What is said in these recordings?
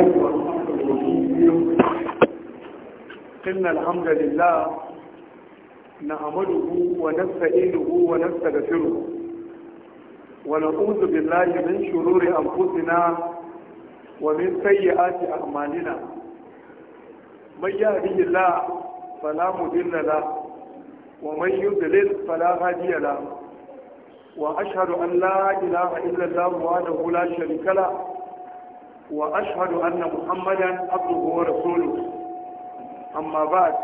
الله والحمد لله إن الحمد لله نعمله ونستعينه ونستغفره ونعوذ بالله من شرور أنفسنا ومن سيئات أعمالنا من يهده الله فلا مضل له ومن يضلل فلا هادي له وأشهد أن لا إله إلا الله وحده لا شريك له وأشهد أن محمدا عبده ورسوله أما بعد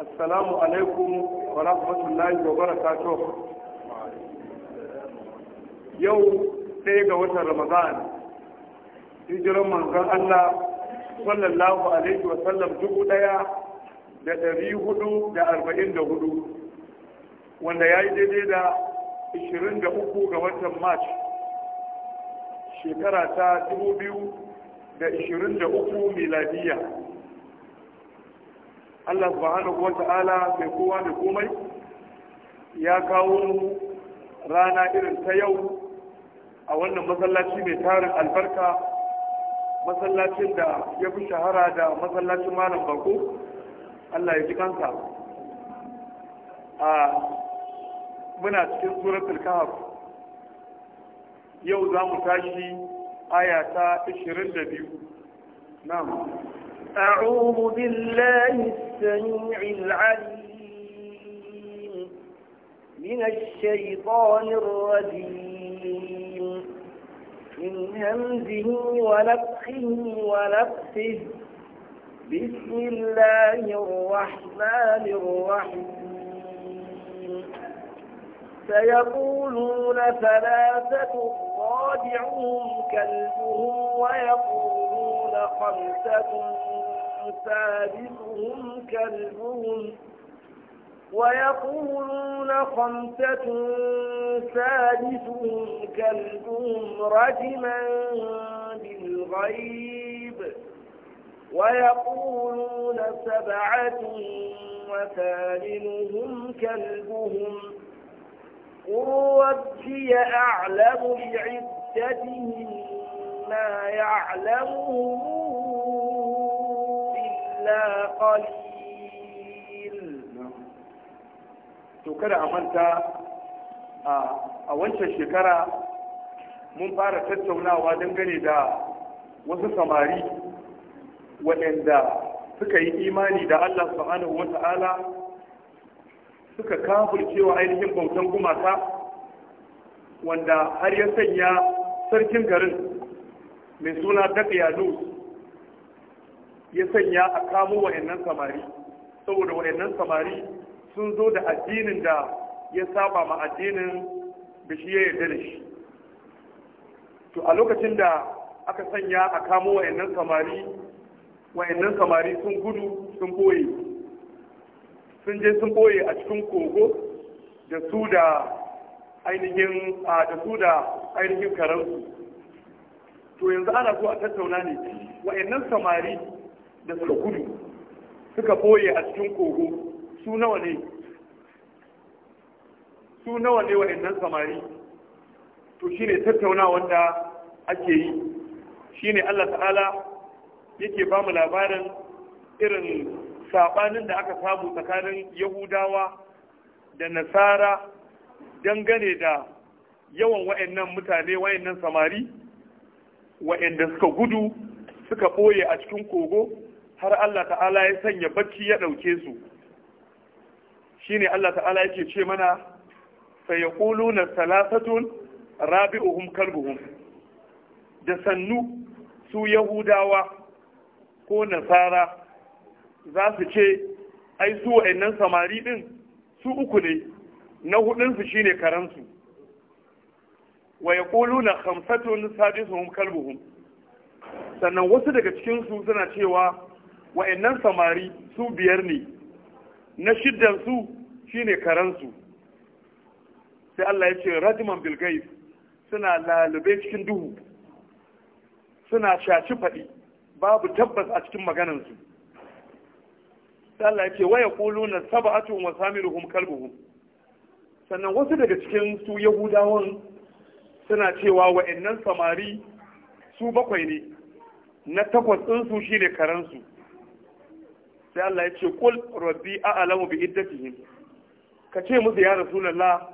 السلام عليكم ورحمة الله وبركاته يوم تيجا وتر رمضان hijiran manzon Allah sallallahu alaihi wa sallam dubu daya da ɗari hudu da arba'in da hudu wanda ya yi daidai da ishirin da uku ga watan March shekara ta 2023 miladiya Allah subhanahu wata'ala mai kowa da komai ya kawo rana irin ta yau a wannan masallaci mai tarin albarka masallacin da ya fi shahara da masallacin malam bako Allah ya ji kansa a muna cikin suratul kahf yau za mu tashi aya ta 22 na'am أعوذ بالله السميع العليم من الشيطان الرجيم من همزه ونفخه ونفسه بسم الله الرحمن الرحيم سيقولون ثلاثة كلبهم ويقولون خمسة سادسهم كلبهم ويقولون خمسة سادسهم كلبهم رجما بالغيب ويقولون سبعة وثامنهم كلبهم قل ربي أعلم بعدتهم ما يعلمهم إلا قليل to kada a manta a wancan shekara mun fara tattaunawa dangane da wasu samari waɗanda suka yi imani da Allah subhanahu wa ta'ala suka kafircewa ainihin bautan gumaka wanda har ya sanya sarkin garin mai suna dakiyanu ya sanya a kamo wa'annan samari saboda wa'annan samari sun zo da addinin da ya saba ma addinin da shi ya yarda da shi to a lokacin da aka sanya a kamo wa'annan samari wa'annan samari sun gudu sun boye sun je sun boye a cikin kogo da su da ainihin da su da ainihin karansu to yanzu ana so a tattauna ne wa'annan samari da suka gudu suka boye a cikin kogo su nawa ne su nawa ne wa'annan samari to shine tattauna wanda ake yi shine Allah ta'ala yake ba mu labarin irin sabanin da aka samu tsakanin yahudawa da nasara dangane da yawan wa'annan mutane wa'annan samari wa'anda suka gudu suka ɓoye a cikin kogo har Allah ta'ala ya sanya bacci ya ɗauke su shine Allah ta'ala yake ce mana sayaquluna salasatun rabi'uhum kalbuhum da sannu su yahudawa ko nasara za su ce ai su wa'annan samari din su uku ne na hudunsu shine karansu wa yaquluna khamsatun sadisuhum kalbuhum sannan wasu daga cikin suna cewa wa'annan samari su biyar ne na shiddan su shine karansu sai Allah ya ce radiman bil suna lalube cikin duhu suna shaci faɗi babu tabbas a cikin su sai Allah ya waya quluna sab'atun wa kalbuhum sannan wasu daga cikin su yahudawan suna cewa wa'annan samari su bakwai ne na takwas ɗinsu su shine karansu sai Allah ya ce rabbi a'lamu bi iddatihim ka ce musu ya rasulullah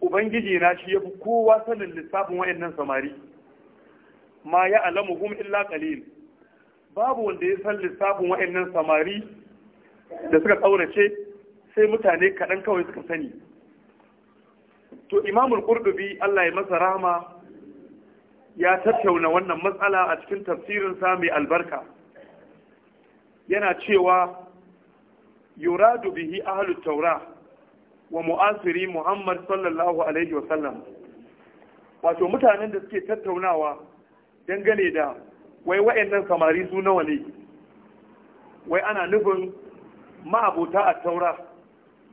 ubangiji na shi yafi kowa sanin lissafin wa'annan samari ma ya illa qalil babu wanda ya san lissafin wa'annan samari da suka ƙaurace sai mutane kaɗan kawai suka sani to imamul ƙurɗubi allah ya masa rahama ya tattauna wannan matsala a cikin tafsirin mai albarka yana cewa yuradu bihi ahlut taura wa mu'asiri muhammad sallallahu alaihi wasallam wato mutanen da suke tattaunawa dangane da wai wa'annan samari su nawa ne wai ana nufin ma'abota a taura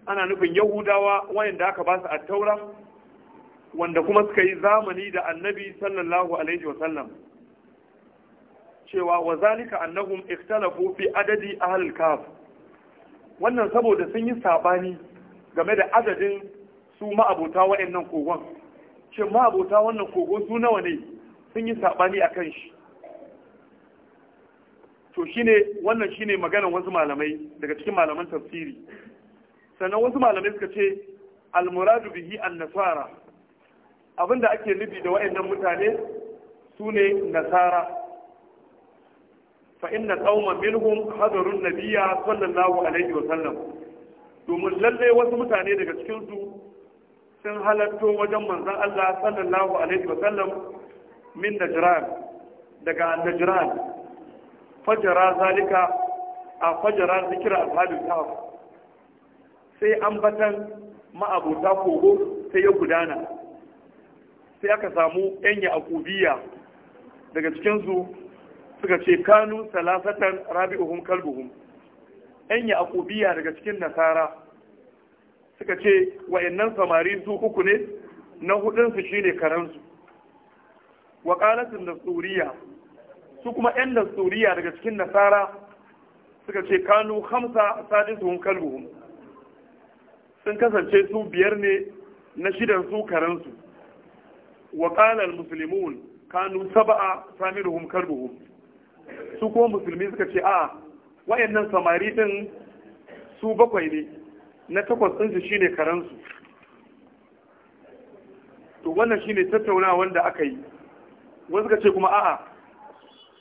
ana nufin yahudawa wayanda aka ba su a taura wanda kuma suka yi zamani da annabi sallallahu alaihi wasallam cewa wa zalika annahum ikhtalafu fi adadi ahlul kaf wannan saboda sun yi sabani game da adadin su ma'abota wayannan kogon ce ma'abota wannan kogo su nawa ne sun yi sabani akan shi to shine wannan shine maganar wasu malamai daga cikin malaman tafsiri sannan wasu malamai suka ce almuradu bihi an-nasara abinda ake nufi da wayannan mutane sune nasara fa inna qauman minhum hadarun nabiyya sallallahu alaihi wa sallam domin lalle wasu mutane daga cikin su sun halatto wajen manzon Allah sallallahu alaihi wa sallam min najran daga najran fajara zalika a fajara zikira ashabin kahf sai ambatan ma'abuta kogo sai ya gudana sai aka samu yan yaqubiya daga cikin suka ce kanu salasatan rabi'uhum kalbuhum yan yaqubiya daga cikin nasara suka ce wa'annan samari su uku ne na hudun su shine karansu wa qalat nasuriya su kuma 'yan suriya daga cikin nasara suka ce kanu hamsa sadisuhum kalbuhum sun kasance su biyar ne na shidan su karansu wa qala almuslimun kanu sab'a samiruhum kalbuhum su kuma musulmi suka ce a wayannan samari din su bakwai ne na takwas sun shi ne karansu to wannan shine tattaunawa wanda aka yi wasu suka ce kuma a'a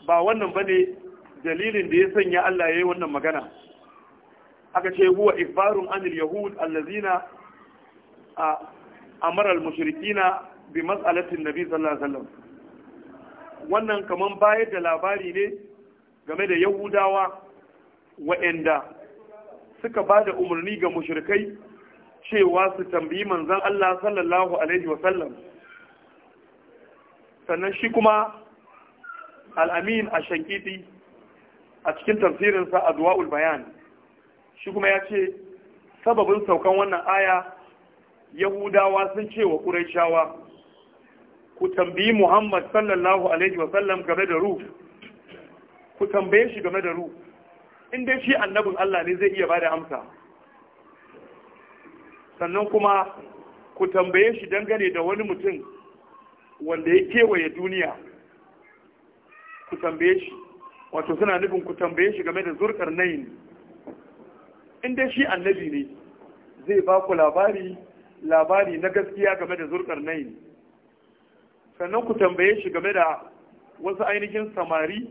ba wannan bane dalilin da ya sanya Allah ya yi wannan magana aka ce huwa ikbarun anil yahud allazina amara al-mushrikina bi mas'alatin nabi sallallahu alaihi wasallam wannan kaman bayar da labari ne game da yahudawa waɗanda suka ba da umarni ga mushrikai cewa su tambayi manzon Allah sallallahu alaihi wasallam sannan shi kuma al'amin a shankiti a cikin tafsirinsa a duwa'ul bayan shi kuma ya ce sababin saukan wannan aya yahudawa sun ce wa ƙuraishawa ku tambayi muhammad sallallahu alaihi wasallam game da ruf ku tambaye shi game da ruf inda shi annabin allah ne zai iya bada amsa sannan kuma ku tambaye shi dangane da wani mutum wanda ya kewaye duniya ku tambaye shi wato suna nufin ku tambaye shi game da zurkar nayin in dai shi annabi ne zai ba ku labari labari na gaskiya game da zurkar ne sannan ku tambaye shi game da wasu ainihin samari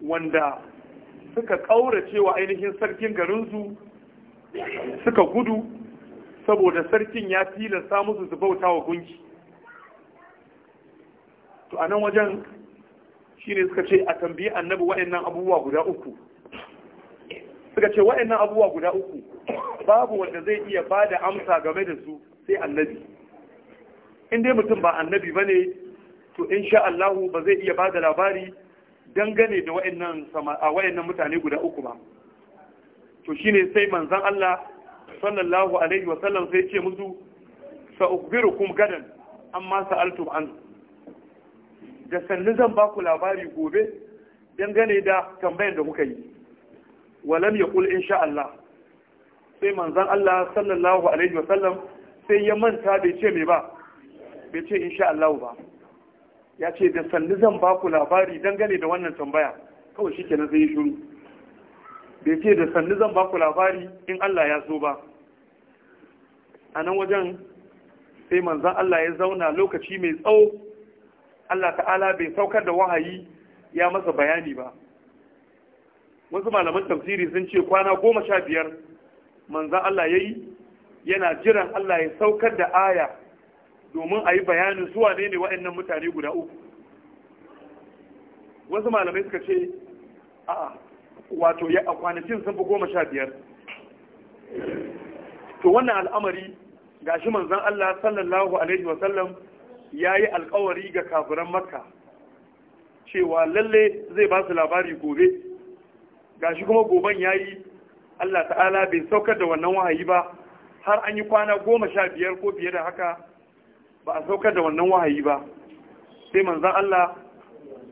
wanda suka kaura cewa ainihin sarkin garinsu suka gudu saboda sarkin ya tilasta musu su bauta wa gunki to a wajen shine suka ce a tambayi annabi wa'annan abubuwa guda uku suka ce wa'annan abubuwa guda uku babu wanda zai iya bada amsa game da su sai annabi in dai mutum ba annabi ba to insha Allah ba zai iya bada da labari dangane da wa'annan mutane guda uku ba to shine sai manzon Allah sallallahu alaihi wasallam sai ce musu sa'ukbirukum gadan amma sa'altum an da sannu zan ba ku labari gobe dangane da tambayar da muka yi walam ya kul insha Allah sai manzan Allah sallallahu alaihi wasallam sai ya manta bai ce mai ba bai ce insha Allah ba ya ce da sannu zan ba ku labari dangane da wannan tambaya kawai shi ke sai shuru shiru bai ce da sannu zan ba ku labari in Allah ya zo ba a nan wajen sai manzan Allah ya zauna lokaci mai tsawo Allah ta'ala bai saukar da wahayi ya masa bayani ba wasu malaman tafsiri sun ce kwana goma sha biyar manzan Allah ya yi yana jiran Allah ya saukar da aya domin a yi bayanin zuwa ne ne wa'annan mutane guda uku wasu malamai suka ce a wato ya a kwanakin sun fi goma sha biyar to wannan al'amari gashi manzan Allah sallallahu alaihi wasallam ya yi alkawari ga kafiran makka cewa lalle zai ba su labari gobe gashi kuma goben ya yi allah ta'ala bai saukar da wannan wahayi ba har an yi kwana goma sha biyar ko fiye da haka ba a saukar da wannan wahayi ba sai manzan allah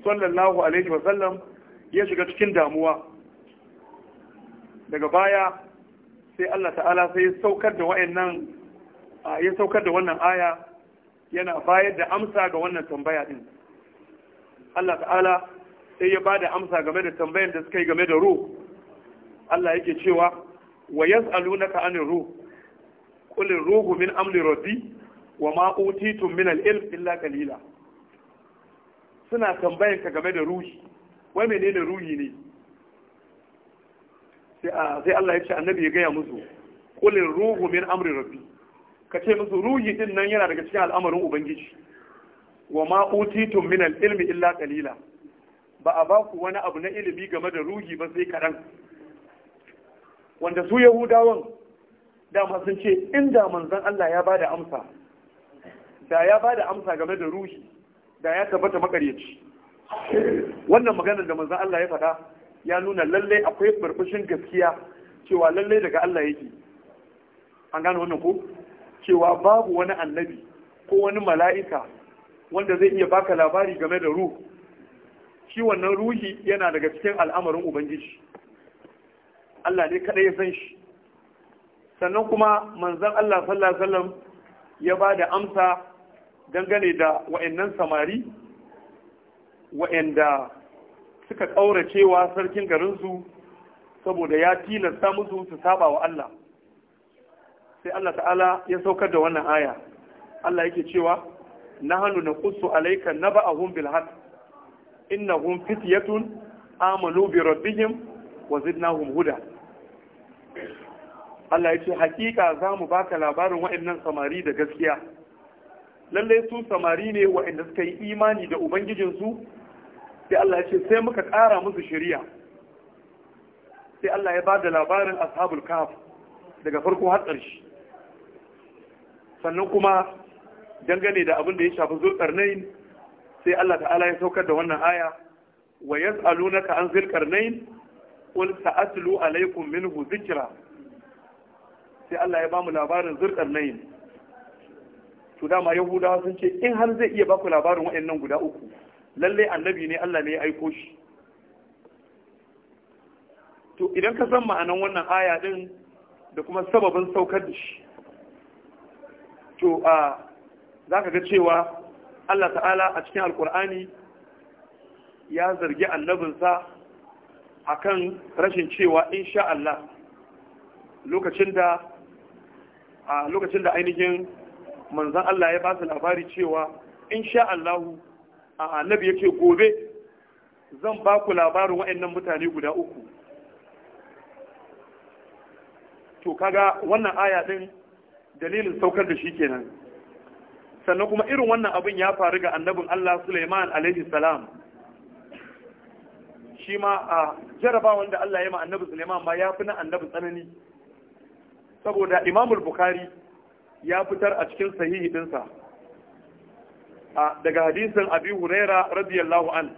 sallallahu alaihi wasallam ya shiga cikin damuwa daga baya sai allah ta'ala sai ya saukar da wannan aya yana bayar da amsa ga wannan tambaya din Allah ta'ala sai ya bada amsa game da tambayar da suka yi game da ruh Allah yake cewa wa yas'alunaka anir ruh qul ruhu min amri rabbi wa ma utitum min al-ilm illa qalila suna tambayar ka game da ruhi wai menene ruhi ne sai Allah ya ce annabi ya gaya musu qul ruhu min amri rabbi ka ce musu ruhi din nan yana daga cikin al'amarin ubangiji wa ma utitum min al-ilmi illa qalila ba a ba ku wani abu na ilimi game da ruhi ba sai kaɗan wanda su yahudawan dama sun ce inda manzan Allah ya bada amsa da ya bada amsa game da ruhi da ya tabbata makaryaci wannan maganar da manzon Allah ya faɗa ya nuna lallai akwai barbashin gaskiya cewa lallai daga Allah yake an gane wannan ko cewa babu wani annabi ko wani mala'ika wanda zai iya baka labari game da ruhu shi wannan ruhi yana daga cikin al'amarin ubangiji Allah ne kaɗai ya san shi sannan kuma manzan Allah sallallahu ya ba da amsa dangane da wa'annan samari wa'anda suka ƙauracewa sarkin garinsu saboda ya tilasta musu su saba wa Allah sai Allah ta'ala ya saukar da wannan aya Allah yake cewa na na naqussu alayka naba'ahum bil haqq innahum fityatun amanu bi rabbihim wa zidnahum huda Allah ya ce hakika za mu baka labarin waɗannan samari da gaskiya lallai su samari ne waɗanda suka yi imani da ubangijinsu sai Allah ya ce sai muka ƙara musu shari'a sai Allah ya ba da labarin ashabul kahf daga farko har ƙarshe sannan kuma dangane da abin da ya shafi zulkarnain sai Allah ta'ala ya saukar da wannan aya wa yas'alunaka an zulkarnain qul sa'atlu alaykum minhu dhikra sai Allah ya bamu labarin zulkarnain to dama yahudawa sun ce in har zai iya baku labarin waɗannan guda uku lalle annabi ne Allah ne ya aiko shi to idan ka san ma'anan wannan aya din da kuma sababin saukar da shi to a za ka ga cewa Allah ta'ala a cikin alkur'ani ya zargi annabinsa a kan rashin cewa insha Allah lokacin da ainihin manzan Allah ya ba su labari cewa insha Allah a annabi ya ce gobe zan ba ku labarin waɗannan mutane guda uku to kaga wannan aya din dalilin saukar da shi kenan sannan kuma irin wannan abin ya faru ga annabin Allah Sulaiman alaihi salam shi ma a jaraba wanda Allah ya ma annabi Sulaiman ma ya fi na annabi tsanani saboda Imamul Bukhari ya fitar a cikin sahihi dinsa daga hadisin Abi Huraira radiyallahu an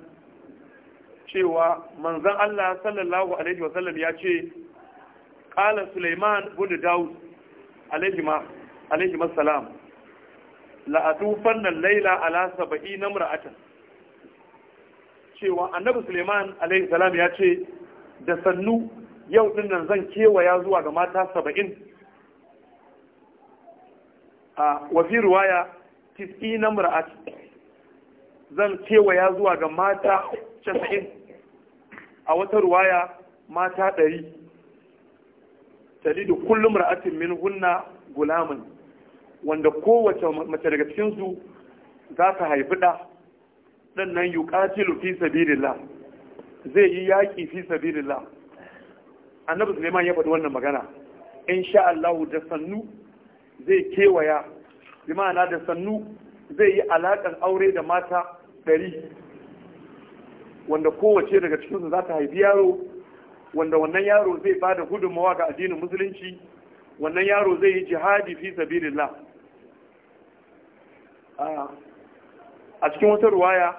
cewa manzon Allah sallallahu alaihi wasallam ya ce qala Sulaiman bin daud alaihi masalam la'atufan nan laila ala saba'i na mura'atan cewa annabi suleiman alaihi salam ya ce da sannu yau din nan zan kewaya zuwa ga mata saba'in a wafi ruwaya tiski na mura'atan zan kewaya zuwa ga mata casa'in a wata ruwaya mata ɗari talidu kullum ra'atin min hunna gulamun wanda kowace mace daga cikinsu su za ta haifi da dan nan yuqatilu fi sabilillah zai yi yaki fi sabilillah annabi Suleiman ya faɗi wannan magana insha Allah da sannu zai kewaya bi ma'ana da sannu zai yi alaƙar aure da mata ɗari wanda kowace daga cikinsu za ta haifi yaro wanda wannan yaro zai ba da gudunmawa ga addinin musulunci wannan yaro zai yi jihadi fi sabilillah a cikin wata ruwaya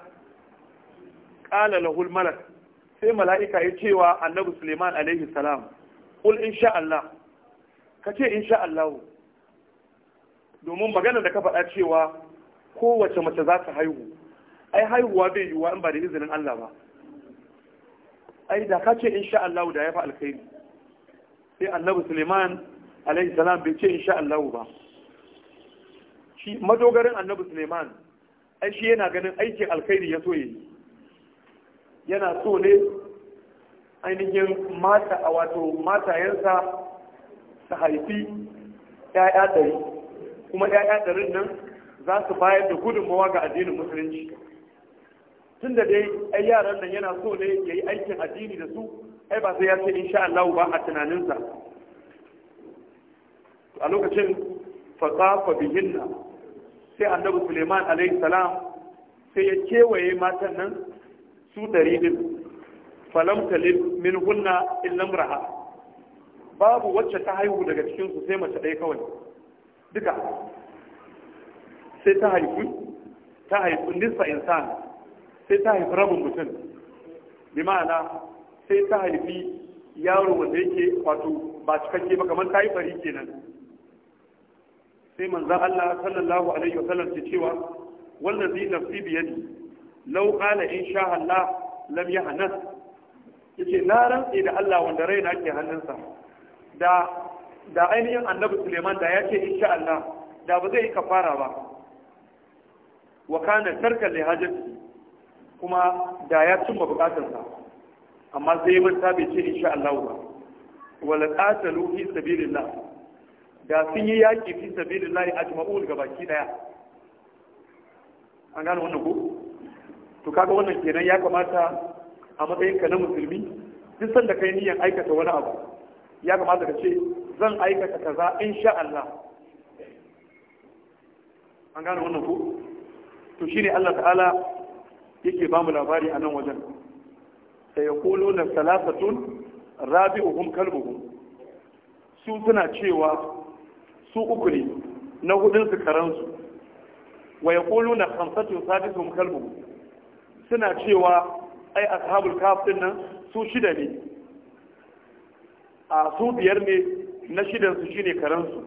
ƙala lahul malak sai mala'ika ya cewa annabi suleiman alaihi salam ƙul insha Allah ka ce insha Allah domin magana da ka faɗa cewa kowace mace za ta haihu ai haihuwa bai yiwuwa in ba da izinin Allah ba ai da ka ce insha Allah da ya fi alkhairi sai annabi Suleiman alaihi salam bai ce insha Allah ba shi madogarin annabi Suleiman ai shi yana ganin aikin alkhairi ya so yi yana so ne ainihin mata a wato matayensa su haifi ‘ya'ya ɗari kuma ‘ya'ya ɗarin nan za su bayar da gudunmawa ga addinin musulunci tun da dai ai yaran nan yana so ne ya yi aikin addini da su ai ba sai ya ce insha Allah ba a tunaninsa a lokacin fasafa bihinna sai annabi Suleiman alaihi salam sai ya kewaye matan nan su ɗari din falam talib min hunna illam raha babu wacce ta haihu daga cikin su sai mace ɗaya kawai duka sai ta haihu ta haihu nisa insani sai ta haifi rabin mutum bi ma'ana sai ta haifi yaro wanda yake wato ba cikakke ba kamar ta yi fari kenan sai manzan Allah sallallahu alaihi wasallam ce cewa wannan zai nafsi biyadi lau kala in sha Allah lam Ya ce na rantse da Allah wanda raina ke hannunsa da da ainihin annabi Suleiman da ya ce in sha Allah da ba zai yi kafara ba wa kana tarkan li kuma da ya cimma bukatarsa amma zai manta bai ce insha Allah ba wala qatalu fi sabilillah da sun yi yaki fi sabilillah ajma'ul gabaki daya an gano wannan ko to kaga wannan kenan ya kamata a matsayin ka na musulmi duk sanda kai niyyar aikata wani abu ya kamata ka ce zan aikata kaza insha Allah an gano wannan ko to shine Allah ta'ala yake ba mu labari a nan wajen sai kolo na salasatun rabi'uhum kalbuhum su suna cewa su uku ne na hudun su karansu wa yaqulu na khamsatun sadisuhum kalbuhum suna cewa ai ashabul kaf din nan su shida ne a su biyar ne na shidan su shine karansu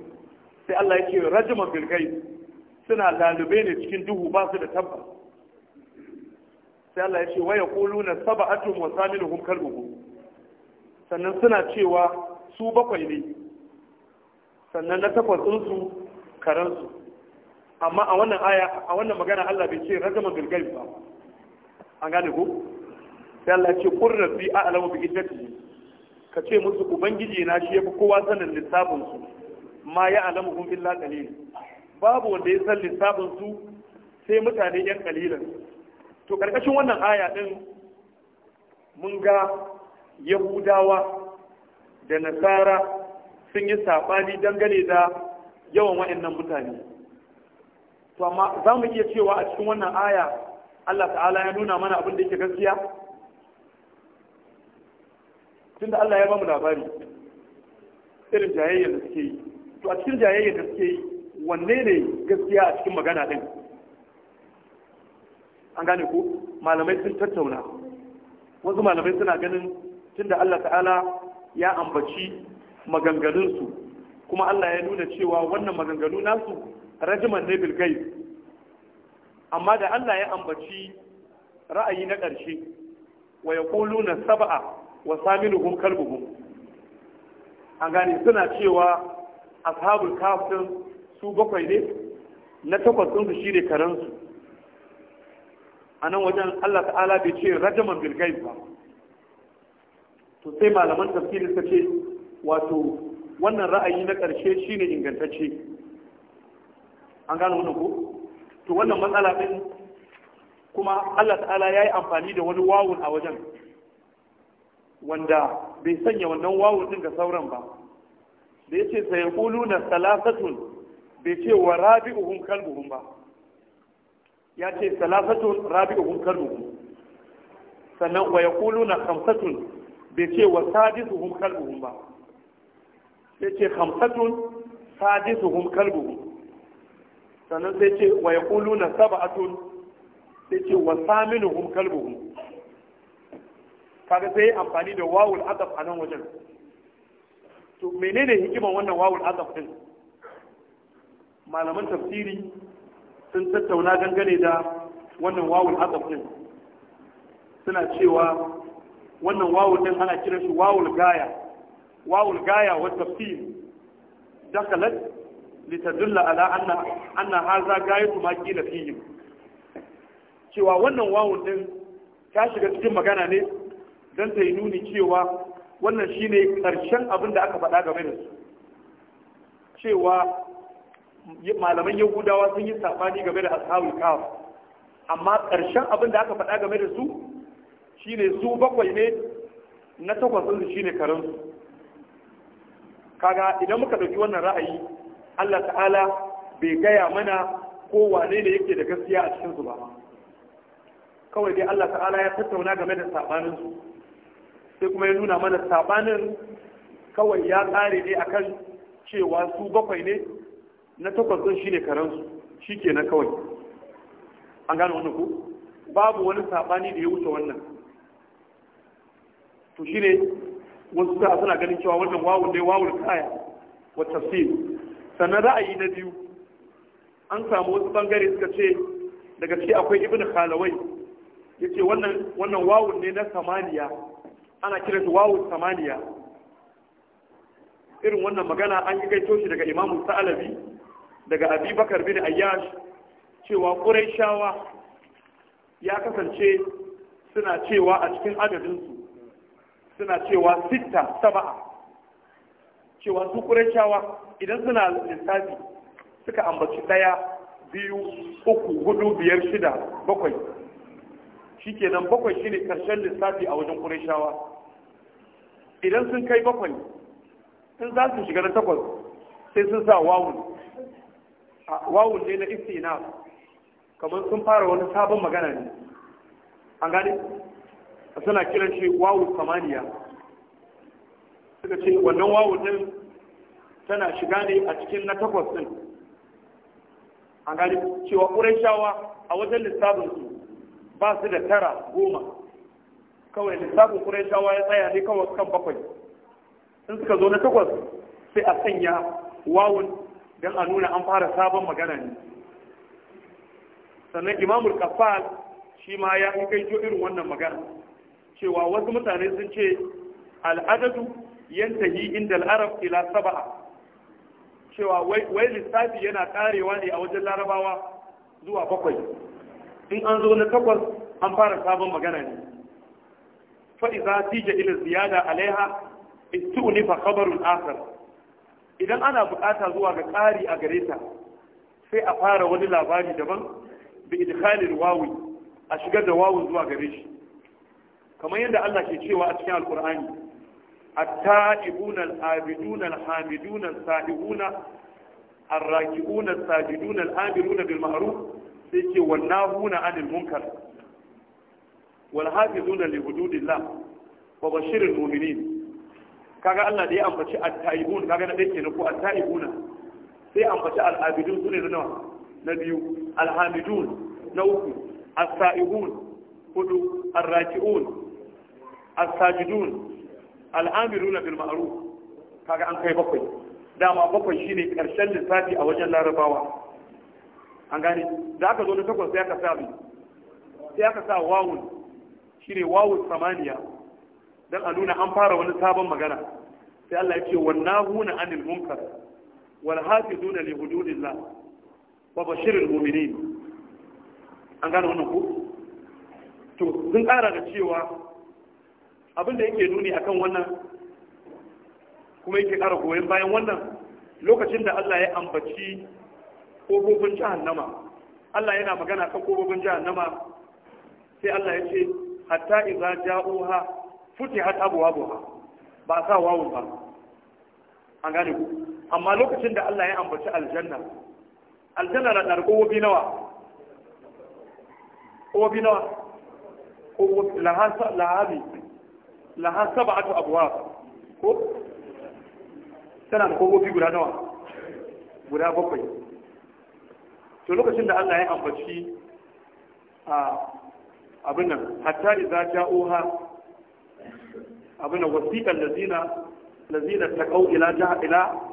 sai Allah yake rajman bil ghaib suna lalube ne cikin duhu ba su da tabbas sai Allah ya ce waya quluna sab'atun wa saminuhum kalbuhum sannan suna cewa su bakwai ne sannan na takwas din su karan su amma a wannan aya a wannan magana Allah bai ce rajama bil ba an gane ko sai Allah ya ce qur rabbi a'lamu bi iddati ka ce musu ubangiji na shi yafi kowa sanin lissafin su ma ya hum illa qalil babu wanda ya san lissafin su sai mutane yan kalilan to ƙarƙashin wannan aya ɗin mun ga yahudawa da nasara sun yi saɓani dangane da yawan wa'annan mutane to amma za mu iya cewa a cikin wannan aya Allah ta'ala ya nuna mana abin da yake gaskiya tunda Allah ya ba mu labari irin jayayyar da suke yi to a cikin jayayyar da suke yi wanne ne gaskiya a cikin magana ɗin an gane ko malamai sun tattauna wasu malamai suna ganin tunda Allah ta'ala ya ambaci maganganunsu kuma Allah ya nuna cewa wannan maganganu nasu rajiman ne bil amma da Allah ya ambaci ra'ayi na ƙarshe wa yaquluna sab'a wa saminuhum kalbuhum an gane suna cewa ashabul kafin su bakwai ne na takwas sun shi ne karensu. a nan wajen Allah ta'ala bai ce rajaman bilgai ba to sai malaman tafsirin ta ce wato wannan ra'ayi na ƙarshe shine ingantacce an gano wannan ko to wannan matsala din kuma Allah ta'ala ya yi amfani da wani wawun a wajen wanda bai sanya wannan wawun din ga sauran ba da ya ce sai na salasatun bai ce wa rabi'uhum kalbuhum ba ya ce salasatun rabi'uhum kalbuhum sannan wa yaquluna khamsatun bai ce wa sadisuhum kalbuhum ba sai ce khamsatun sadisuhum kalbuhum sannan sai ce wa yaquluna sab'atun sai ce wa saminuhum kalbuhum kaga sai amfani da wawul adab a nan wajen to menene hikimar wannan wawul adab din malaman tafsiri sun tattauna dangane da wannan wawul hatsaf ɗin suna cewa wannan wawul ɗin ana kiran shi wawul gaya wawul gaya wata fi dakalat litadulla ala anna anna hadha gayatu ma fi yi. cewa wannan wawul ɗin ta shiga cikin magana ne dan ta yi nuni cewa wannan shine karshen abin da aka faɗa game da su cewa malaman yahudawa sun yi sabani game da ashabul kaf amma ƙarshen abin da aka faɗa game da su shine su bakwai ne na takwas su shine karen su kaga idan muka ɗauki wannan ra'ayi Allah ta'ala bai gaya mana ko wane ne yake da gaskiya a cikin su ba kawai dai Allah ta'ala ya tattauna game da sabanin su sai kuma ya nuna mana sabanin kawai ya ƙare ne akan cewa su bakwai ne na takwas ɗin shine karansu shi ke na kawai an gano wannan ku babu wani saɓani da ya wuce wannan to shine wasu sa suna ganin cewa wannan wawun dai wawul kaya wa tafsir sannan ra'ayi na biyu an samu wasu bangare suka ce daga ce akwai ibn khalawai yace wannan wannan wawun ne na samaniya ana kira shi wawun samaniya irin wannan magana an yi gaito shi daga imamu sa'alabi daga abubakar bin ayyash cewa ƙuraishawa ya kasance suna cewa a cikin adadinsu suna cewa sitta saba'a cewa su ƙuraishawa idan suna lissafi suka ambaci ɗaya biyu uku hudu biyar shida bakwai shi shikenan bakwai shine karshen lissafi a wajen ƙuraishawa idan sun kai bakwai in za su shiga na takwas sai sun sa wawun wawun ne na istina kamar sun fara wani sabon magana ne an gani suna kiran shi wawun samaniya suka ce wannan wawun din tana shiga ne a cikin na takwas din an gani cewa ƙurashawa a wajen lissafinsu ba su da tara goma kawai lissafin ƙurashawa ya tsaya ne kawai kan bakwai in suka zo na takwas sai a sanya wawun don a nuna an fara sabon magana ne sannan imamul kafal shi ma ya yi kai irin wannan magana cewa wasu mutane sun ce al'adadu yantahi inda al'arab ila saba'a cewa wai lissafi yana karewa ne a wajen larabawa zuwa bakwai in an zo na takwas an fara sabon magana ne fa'iza tije ila ziyada alaiha istu unifa khabarun akhar idan ana bukata zuwa ga ƙari a gare ta sai a fara wani labari daban da idkhalil wawu a shigar da wawun zuwa gare shi kamar yadda Allah ke cewa a cikin alkur'ani at-ta'ibuna Abidunan, Hamidunan, saibuna ar-raki'una sajiduna al-amiruna bil ma'ruf sai ce wannahuna 'anil munkar wal hafizuna li hududillah wa mu'minin kaga Allah da ya ambaci at-taibun kaga na dake kenan ko at-taibuna sai ambaci al-abidun sune na nawa na biyu al-hamidun na uku as-saibun hudu ar-raki'un as-sajidun al-amiruna bil ma'ruf kaga an kai bakwai dama bakwai shine karshen lissafi a wajen larabawa an gane da aka zo na takwas sai aka sa sai aka sa wawun shine wawun samaniya dan a nuna an fara wani sabon magana sai Allah ya ce wannahuna anil munkar wal hafizuna li hududillah wa bashirul mu'minin an gane wannan ko to sun ƙara da cewa abin da yake nuni akan wannan kuma yake ƙara goyon bayan wannan lokacin da Allah ya ambaci ƙofofin jahannama Allah yana magana kan ƙofofin jahannama sai Allah ya ce hatta idza ja'uha futihat abwabuha ba sa wawu ba an gane ku amma lokacin da Allah ya ambaci aljanna aljanna na dar kowobi nawa kowobi nawa kowobi lahasa lahabi lahasa ba'atu abwab ko tana da bi guda nawa guda bakwai to lokacin da Allah ya ambaci a abin nan hatta idza ja'uha abin da wasiƙar lazina ta kau ila jaha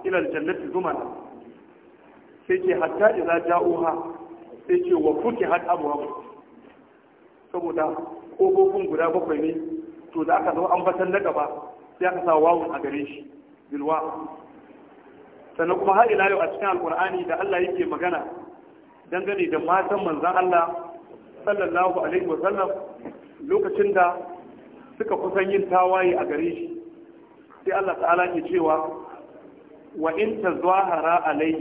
ila jannati zuman sai ce hatta ila ja'uha sai ce wa fuki hat saboda ƙofofin guda bakwai ne to da aka zo an batan na gaba sai aka sa wawun a gare shi bilwa sannan kuma har ila yau a cikin alkur'ani da Allah yake magana dangane da matan manzan Allah sallallahu alaihi wa lokacin da suka kusan yin tawaye a gare shi sai Allah ta'ala ke cewa wa in tazahara alai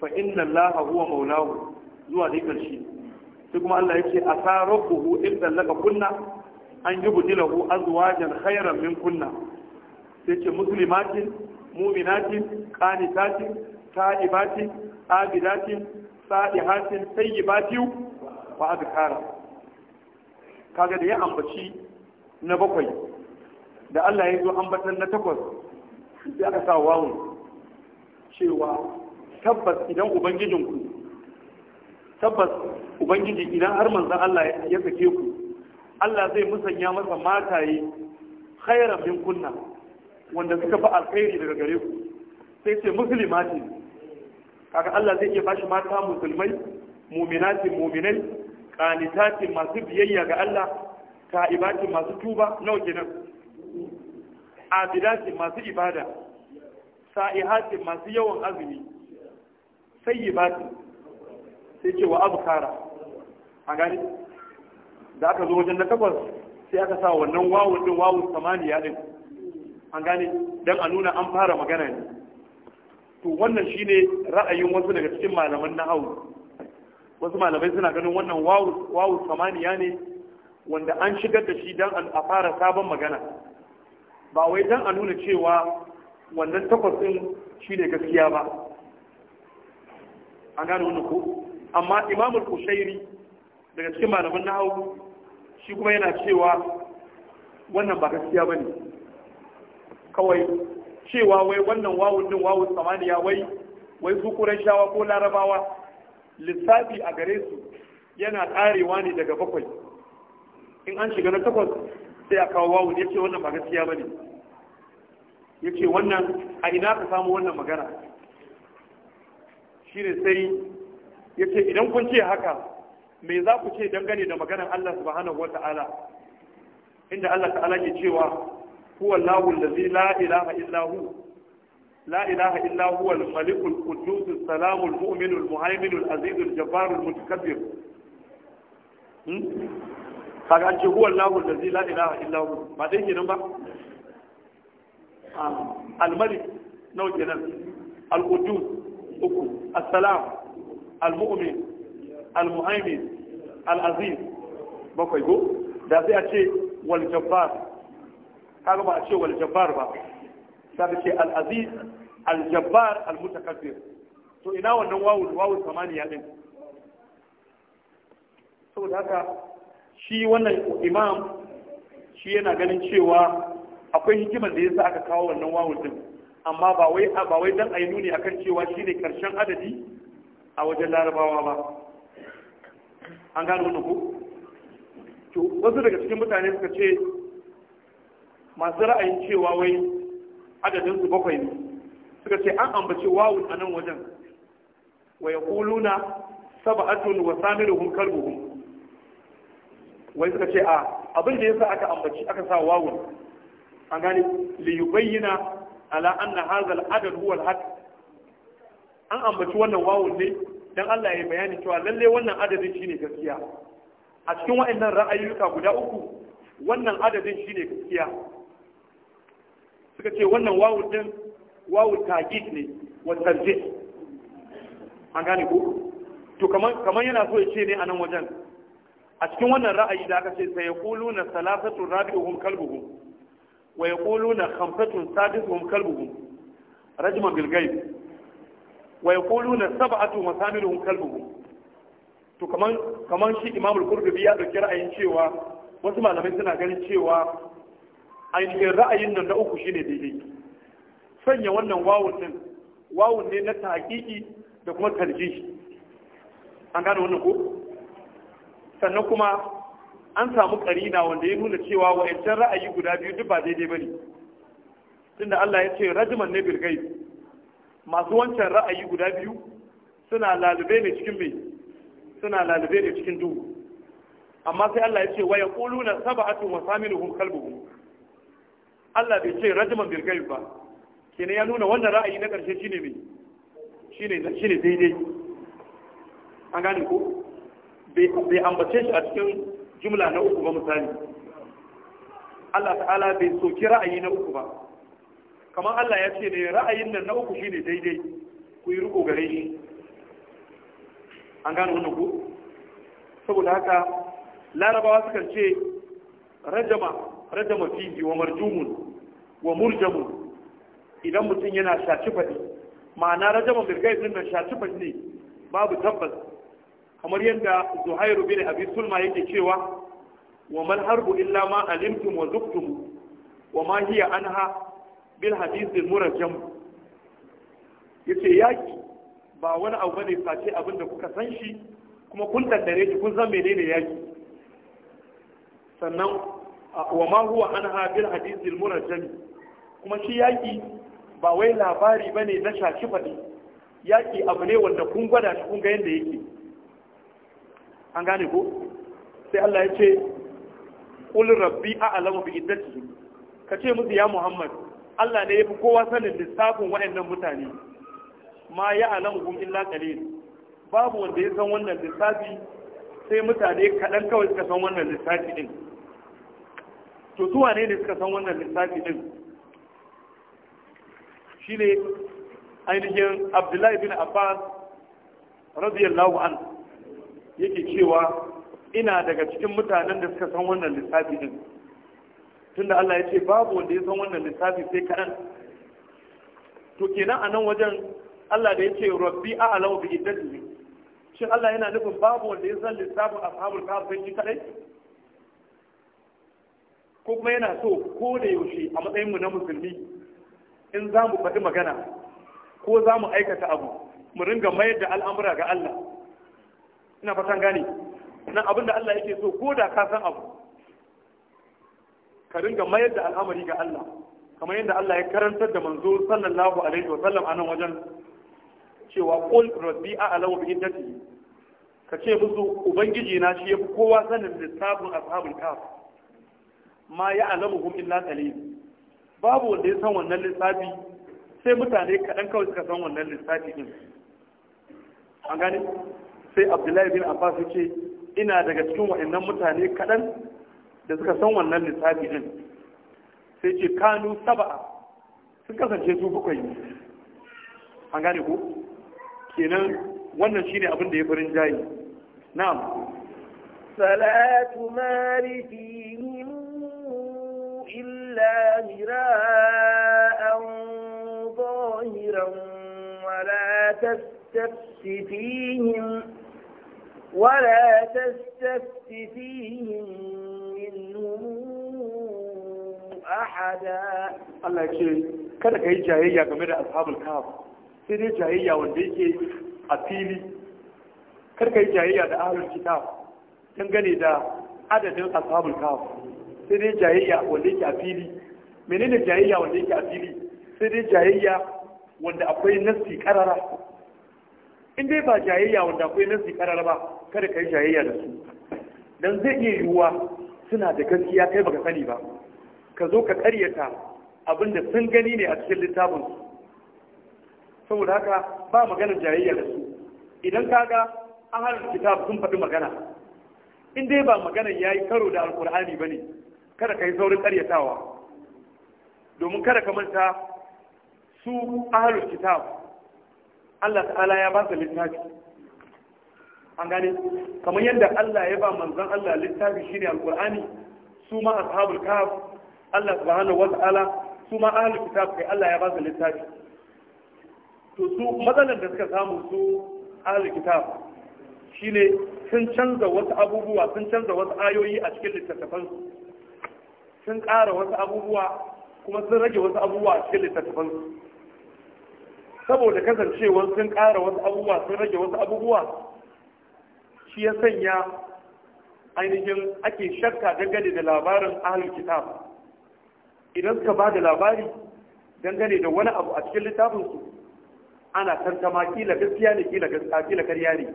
fa inna Allah huwa maulahu zuwa dai karshe sai kuma Allah yake asaruhu in dallaka kunna an yi budilahu azwajan khayran min kunna sai ce muslimatin mu'minatin qanitatin ta'ibatin abidatin sa'ihatin sayyibatin wa azkara kaga da ya ambaci na bakwai da Allah ya zo ambatan na takwas sai aka sa wawun cewa tabbas idan ubangijinku tabbas ubangiji idan har manzan Allah ya sake ku Allah zai musanya masa mataye khairan min kunna wanda suka fi alkhairi daga gare ku sai ce musulmati kaga Allah zai iya bashi mata musulmai muminati muminai qanitatin masu biyayya ga Allah Ka ta'ibatin masu tuba nawa kenan abidatin masu ibada sa'ihatin masu yawan azumi sayyibatin sai ce wa kara a gani da aka zo wajen na takwas sai aka sa wannan wawon din wawun samaniya din an gane dan a nuna an fara magana ne to wannan shine ra'ayin wasu daga cikin malaman hau wasu malamai suna ganin wannan wawon samaniya ne wanda an shigar da shi don a fara sabon magana ba wai don a nuna cewa wannan takwas ɗin shi ne gaskiya ba an gane wani ko amma imamul kushairi daga cikin malaman nahawu shi kuma yana cewa wannan ba gaskiya ba ne kawai cewa wai wannan wawun din wawun samaniya wai wai su kuren shawa ko larabawa lissafi a gare su yana karewa ne daga bakwai in an shiga na takwas sai a kawo wawu ya ce wannan ba gaskiya ba ne ya ce wannan a ina ka samu wannan magana shi ne sai ya ce idan kun ce haka me za ku ce dangane da maganar Allah subhanahu wa ta'ala inda Allah ta'ala ke cewa huwa Allahu allazi la ilaha illa hu la ilaha illa huwa al-malik al-quddus al-salam al-mu'min al-muhaymin al-aziz al-jabbar al-mutakabbir hmm? kaga an ce huwa Allahu allazi la ilaha illa hu ba dai kenan ba ah, al-malik nawa kenan al-qudus uku as-salam al-mu'min al-muhaimin al-aziz bakwai go da sai a ce wal jabbar kaga ba a ce wal jabbar ba sai ce al-aziz al-jabbar al-mutakabbir to ina wannan wawu wawu samaniya din saboda haka shi wannan imam shi yana ganin cewa akwai hikimar da yasa aka kawo wannan wawul din amma ba wai ba wai dan ayi nuni akan cewa shine karshen adadi a wajen larabawa ba an gano wannan ko to wasu daga cikin mutane suka ce masu ra'ayin cewa wai adadin su bakwai ne suka ce an ambaci wawul a nan wajen wa yaquluna sab'atun wa samiruhum kalbuhum wai suka ce a ah, abin da yasa aka ambaci aka sa wawun an gane li yubayyana ala anna hadha al-adad huwa al-haq an ambaci wannan wawun ne dan Allah ya bayani cewa lalle wannan adadin shine gaskiya a cikin wa'annan ra'ayoyuka guda uku wannan adadin shine gaskiya suka ce wannan wawun din wawun taqid ne wa tarjih an gane ko to kamar kamar yana so ya ce ne a nan wajen a cikin wannan ra'ayi da aka ce sai na salasatun rabi'uhum kalbuhum wa na khamsatun sadisuhum kalbuhum rajman bil ghaib wa na sab'atu masamiluhum kalbuhum to kaman kaman shi imamu al-Qurtubi ya dauki ra'ayin cewa wasu malamai suna ganin cewa ainihin ra'ayin nan na uku shine daidai sanya wannan wawun din wawun ne na tahqiqi da kuma tarjihi an gane wannan ko sannan kuma an samu karina wanda ya nuna cewa wa'ancan ra'ayi guda biyu duk ba daidai bane tunda Allah ya ce rajman ne bil masu wancan ra'ayi guda biyu suna lalube ne cikin mai suna lalube ne cikin duhu amma sai Allah ya ce wa yaquluna sab'atun wa saminuhum kalbuhu Allah bai ce rajman bil ba kenan ya nuna wannan ra'ayi na karshe shine mai shine shine daidai an gane ko bai ambace shi a cikin jumla na uku ba misali Allah ta'ala bai soki ra'ayi na uku ba kamar Allah ya ce ne ra'ayin nan na uku shine daidai ku yi riko gare shi an gane wannan ku saboda haka larabawa sukan ce rajama rajama fihi wa marjumun wa murjamun idan mutum yana shaci faɗi ma'ana rajama birgai din nan shaci faɗi ne babu tabbas kamar yadda zuhairu bin abi sulma yake cewa wa mal harbu illa ma alimtum wa zuktum wa ma hiya anha bil hadith al murajjam yace yaki ba wani abu bane face abin da kuka san shi kuma kun daddare shi kun san menene yaki sannan wa ma huwa anha bil hadith al murajjam kuma shi yaki ba wai labari bane na shashi fadi yaki abu ne wanda kun gwada shi kun ga yadda yake an gane ko sai Allah ya ce qul rabbi a'lamu bi iddati ka ce musu ya Muhammad Allah ne yafi kowa sanin lissafin waɗannan mutane ma ya alamu kun illa qalil babu wanda ya san wannan lissafi sai mutane kaɗan kawai suka san wannan lissafi din to su wane ne suka san wannan lissafi din shine ainihin Abdullahi bin Abbas radiyallahu anhu yake cewa ina daga cikin mutanen da suka san wannan lissafi din tunda Allah ya ce babu wanda ya san wannan lissafi sai kaɗan to kenan a nan wajen Allah da ya ce rabbi a alawa bi iddatihi shin Allah yana nufin babu wanda ya san lissafin ashabul kahf sai kadai ko kuma yana so ko da yaushe a matsayin mu na musulmi in za mu faɗi magana ko za mu aikata abu mu ringa mayar da al'amura ga Allah ina fatan gane nan abinda Allah yake so ko da ka san abu ka dinga mayar da al'amari ga Allah kamar yadda Allah ya karantar da manzo sallallahu alaihi wa sallam anan wajen cewa qul rabbi a'lamu bi iddati ka ce musu ubangiji na shi yafi kowa sanin littafin ashabul kaf ma ya ya'lamuhum illa qalil babu wanda ya san wannan lissafi sai mutane kaɗan kawai suka san wannan lissafi ɗin. an gane sai abdullahi bin abbas ce ina daga cikin waɗannan mutane kaɗan da suka san wannan lissafi ɗin sai ce kanu saba'a sun kasance su bakwai an gane ko kenan wannan shine abin da ya farin jayi na'am salatu marifi fihim illa mira'an zahiran wala fihim ولا تستفت فيهم منهم أحدا الله يكشي kada ka yi jayayya game da ashabul kahf sai dai jayayya wanda yake a fili kar ka yi jayayya da ahlul kitab dangane da adadin ashabul kahf sai dai jayayya wanda yake a fili menene jayayya wanda yake a fili sai dai jayayya wanda akwai nasi karara in dai ba jayayya wanda akwai nasi karara ba kada ka yi shayayya da su dan zai iya yiwuwa suna da gaskiya kai baka sani ba ka zo ka karyata abin da sun gani ne a cikin littafin su saboda haka ba maganar jayayya da su idan kaga an halar kitab sun faɗi magana in dai ba maganar yayi karo da alkur'ani ne, kada ka yi saurin karyatawa domin kada ka manta su ahlul kitab Allah ta'ala ya ba su littafi an gane kamar yadda Allah ya ba manzon Allah littafi shine alqur'ani su ma ashabul kahf Allah subhanahu ta'ala su ma ahlul kitab kai Allah ya ba su littafi to su matsalar da suka samu su ahlul kitab shine sun canza wasu abubuwa sun canza wasu ayoyi a cikin littattafansu sun ƙara wasu abubuwa kuma sun rage wasu abubuwa a cikin littattafansu saboda kasancewar sun ƙara wasu abubuwa sun rage wasu abubuwa shi ya sanya ainihin ake shakka dangane da labarin ahalin kitab idan suka ba da labari dangane da wani abu a cikin littafinsu ana tantama kila gaskiya ne kila gaskiya kila karya ne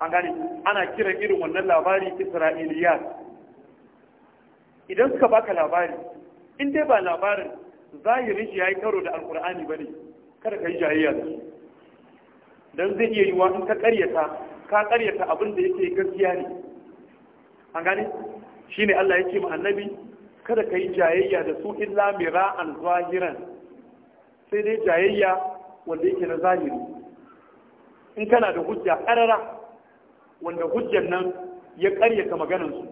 an gane ana kiran irin wannan labari Isra'iliya. idan suka baka labari in dai ba labarin zahirin shi yi karo da alkur'ani bane kada ka yi jayayya da zai iya yiwa in ka karyata ka karyata abin da yake gaskiya ne an gane ne Allah ya ce ma annabi kada ka yi jayayya da su illa an zahiran sai dai jayayya wanda yake na zahiri in kana da hujja karara wanda hujjan nan ya karyata su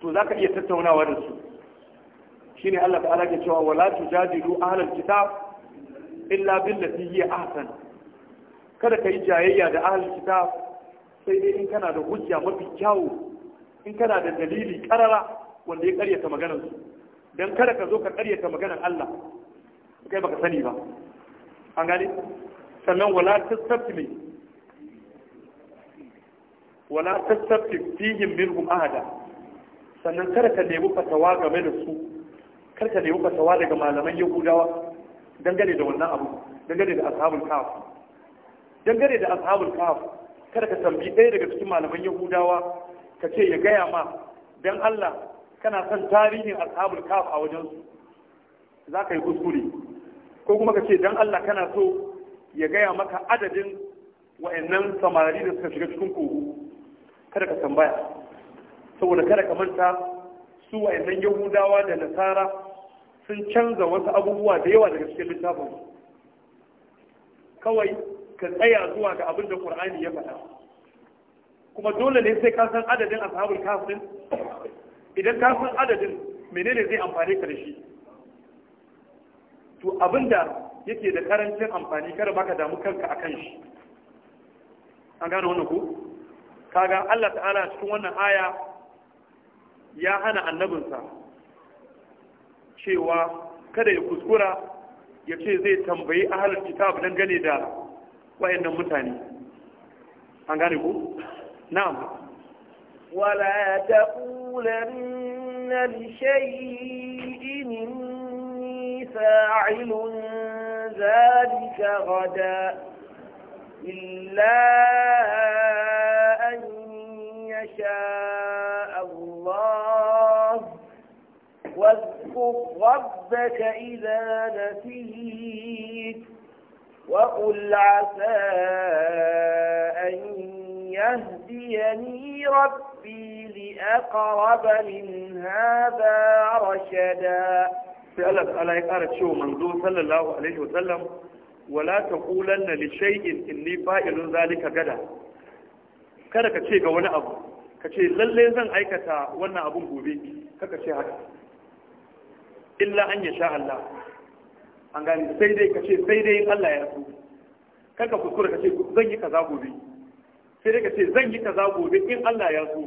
to za ka iya tattaunawa da su Shi ne Allah ta'ala ke cewa wala tujadilu ahlal kitab illa billati hiya ahsan kada ka yi jayayya da ahlul kitab sai dai in kana da hujja mafi kyawu in kana da dalili karara wanda ya karyata maganar su don kada ka zo ka karyata maganar Allah kai baka sani ba an gane sannan wala tastabti wala tastabti fihim minhum ahada sannan kada ka nemi fatawa game da su kada ka nemi fatawa daga malaman yahudawa dangane da wannan abu dangane da ashabul kahf dangane da ashabul kahf kada ka tambi ɗaya daga cikin malaman yahudawa ka ce ya gaya ma don allah kana son tarihin ashabul kaf a wajensu za ka yi kuskure ko kuma ka ce don allah kana so ya gaya maka adadin wa'annan samari da suka shiga cikin kogo kada ka tambaya saboda kada ka manta su wa'annan yahudawa da nasara sun canza wasu abubuwa da yawa daga cikin littafin kawai ka tsaya zuwa ga abin da ƙur'ani ya faɗa kuma dole ne sai ka san adadin ashabul kafin idan ka san adadin menene zai amfani ka da shi to da yake da karancin amfani kada baka damu kanka akan shi an gane wannan ku kaga Allah ta'ala cikin wannan aya ya hana annabinsa cewa kada ya kuskura ya ce zai tambayi ahalar kitab dangane da وإن متاني أنغاني بو نعم ولا تقولن لشيء إني فاعل ذلك غدا إلا أن يشاء الله واذكر ربك إذا نسيت وقل عسى أن يهديني ربي لأقرب من هذا رشدا سألت على إقارة شو منظور صلى الله عليه وسلم ولا تقولن لشيء إني فائل ذلك قدا kada ka ce ga wani abu ka ce lalle zan aikata wannan abun gobe kaka ce haka illa an Allah an gane sai dai ka ce sai dai Allah ya so kar ka ka ce zan yi kaza gobe sai dai ka ce zan yi kaza gobe in Allah ya so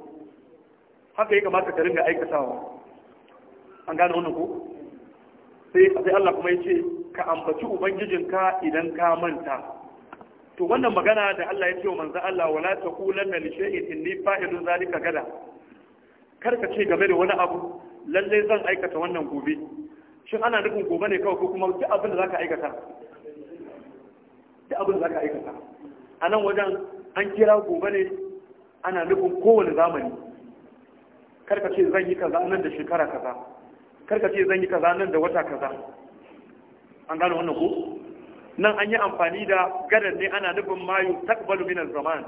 haka ya kamata ka ringa aikatawa an gane wannan ko sai sai Allah kuma ya ce ka ambaci ubangijinka idan ka manta to wannan magana da Allah ya ce wa manzo Allah wala taqulanna li shay'in inni fa'ilun zalika gada kar ka ce game da wani abu lalle zan aikata wannan gobe shin ana nufin gobe ne kawai ko kuma duk abin da ka aikata duk abin da ka aikata a nan wajen an kira gobe ne ana nufin kowane zamani karka ce zan yi kaza nan da shekara kaza karka ce zan yi kaza nan da wata kaza an gano wannan ko nan an yi amfani da gadan ne ana nufin mayu takbalu min zaman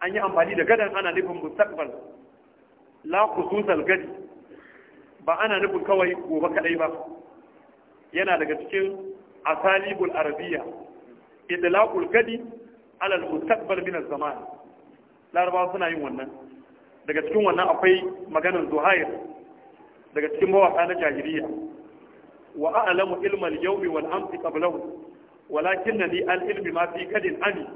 an yi amfani da gadan ana nufin mustaqbal la khususal gadi ba ana nufin kawai gobe kadai ba yana daga cikin asalibul arabiya idlaqul gadi ala al-mustaqbal min az-zaman larabawa suna yin wannan daga cikin wannan akwai maganar zuhair daga cikin mawaka na jahiliya wa a'lamu ilma al-yawmi wal amsi qablahu walakinna li al-ilmi ma fi kadin ani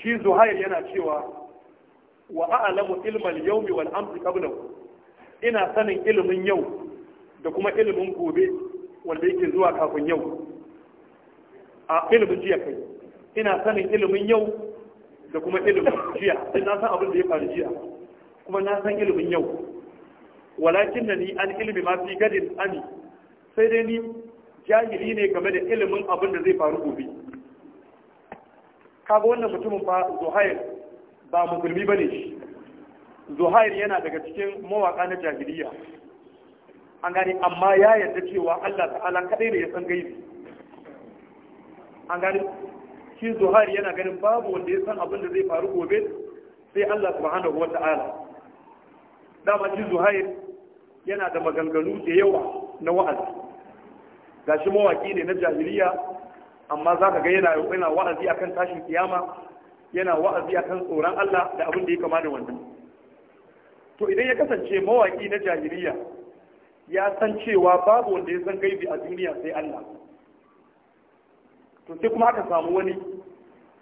shi zuhair yana cewa wa a'lamu ilma al-yawmi wal amsi qablahu ina sanin ilimin yau da kuma ilimin gobe wanda yake zuwa kafin yau a ilimin jiya kai ina sanin ilimin yau da kuma ilimin jiya sai na san abin da ya faru jiya kuma na san ilimin yau walakin da ni an ilimi ma fi gadin ami sai dai ni jahili ne game da ilimin abin da zai faru gobe kaga wannan mutumin fa zuhair ba musulmi bane shi zuhair yana daga cikin mawaka na jahiliya an gani amma ya yarda cewa Allah ta'ala kadai ne ya san gaibi an gani shi zuhair yana ganin babu wanda ya san abin da zai faru gobe sai Allah subhanahu wa ta'ala dama shi zuhair yana da maganganu da yawa na wa'azi gashi mawaki ne na jahiliya amma za ka ga yana yana wa'azi akan tashin kiyama yana wa'azi akan tsoron Allah da abin da ya kama da wannan to idan ya kasance mawaki na jahiliya ya san cewa babu wanda ya san gaibi a duniya sai Allah to sai kuma aka samu wani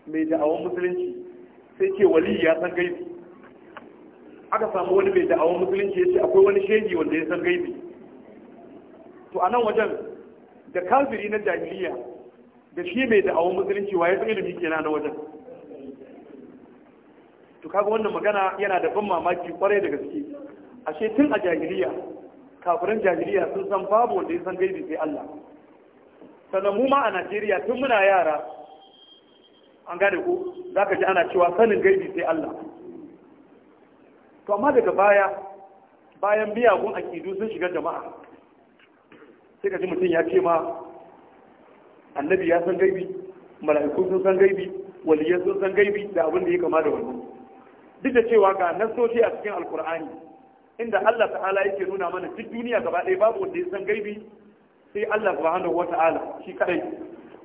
mai da'awar musulunci sai ce wali ya san gaibi aka samu wani mai da'awar musulunci ya ce akwai wani shehi wanda ya san gaibi to a nan wajen da kafiri na jahiliya da shi mai da'awar musulunci wa ya san ilimi kenan na wajen to kaga wannan magana yana da ban mamaki kwarai da gaske ashe tun a jahiliya kafirin jahiliya sun san babu wanda ya san gaibi sai Allah sannan mu ma a Najeriya tun muna yara an gane ko zaka ji ana cewa sanin gaibi sai Allah to amma daga baya bayan miyagun akidu sun shiga jama'a sai ka ji mutum ya ce ma annabi ya san gaibi mala'iku sun san gaibi waliyai sun san gaibi da abin da ya kama da wannan duk da cewa ga nasoshi a cikin alkur'ani inda Allah ta'ala yake nuna mana duk duniya gaba ɗaya babu wanda ya san gaibi sai Allah subhanahu wata'ala shi kadai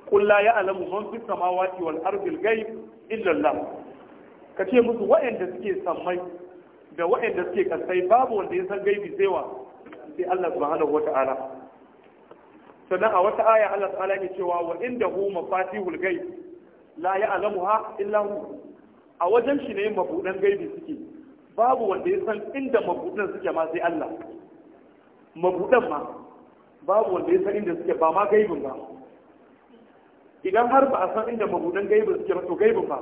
qul la ya'lamu man fis samawati wal ardi al ghaib illa Allah ka ce musu waɗanda suke sammai da waɗanda suke kasai babu wanda ya san gaibi sai wa sai Allah subhanahu wata'ala sannan a wata aya Allah ta'ala yake cewa wa indahu mafatihul ghaib la ya'lamuha illa hu a wajen shi ne mabudan gaibi suke babu wanda ya san inda mabudan suke ma sai Allah mabudan ma babu wanda ya san inda suke ba ma gaibin ba idan har ba a san inda mabudan gaibin suke ba to gaibin ba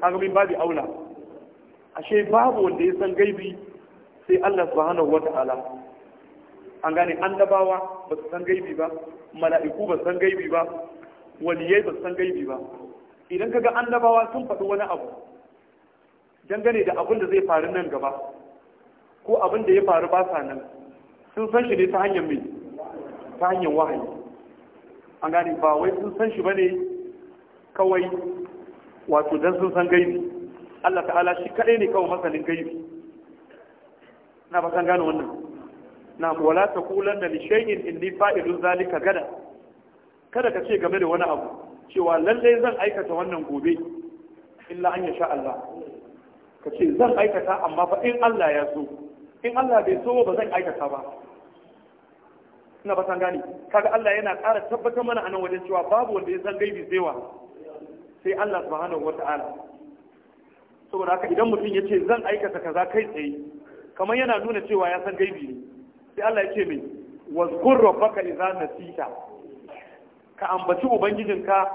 kaga min babu aula ashe babu wanda ya san gaibi sai Allah subhanahu wata'ala an gane annabawa ba su san gaibi ba mala'iku ba su san gaibi ba waliyai ba su san gaibi ba idan kaga annabawa sun faɗi wani abu dangane da abin da zai faru nan gaba ko abin da ya faru ba sa nan sun san shi ne ta hanyar mai ta hanyar wahayi an gane ba wai sun san shi ne kawai wato don sun san gaibi Allah ta'ala shi kadai ne kawai masanin gaibi na ba san gane wannan na wala ta taqulanna li lishayin inni fa'ilun zalika gada kada ka ce game da wani abu cewa lallai zan aikata wannan gobe illa an yasha Allah ka ce zan aikata amma fa in Allah ya so in Allah bai so ba zan aikata ba ina ba san gani kaga Allah yana ƙara tabbatar mana anan wajen cewa babu wanda ya san gaibi zaiwa sai Allah subhanahu wata'ala saboda haka idan mutum ya ce zan aikata kaza kai tsaye kamar yana nuna cewa ya san gaibi ne sai Allah ya ce mai wazkur rabbaka idza nasita ka ambaci ubangijinka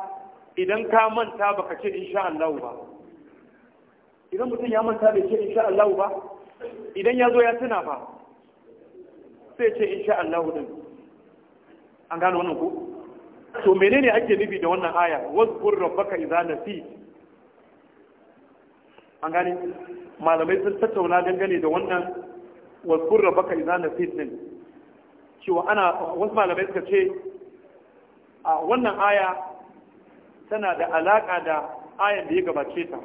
idan ka manta baka ce insha Allah ba idan mutum ya manta bai ce insha Allah ba idan ya zo ya tuna ba sai ce insha Allah din an gano wannan ku. to menene ake nufi da wannan aya wazkur rabbaka idza nasi an gane malamai sun tattauna dangane da wannan wazkur rabbaka idza nasi din cewa ana wasu malamai suka ce a wannan aya tana da alaƙa da ayan da ya gabace ta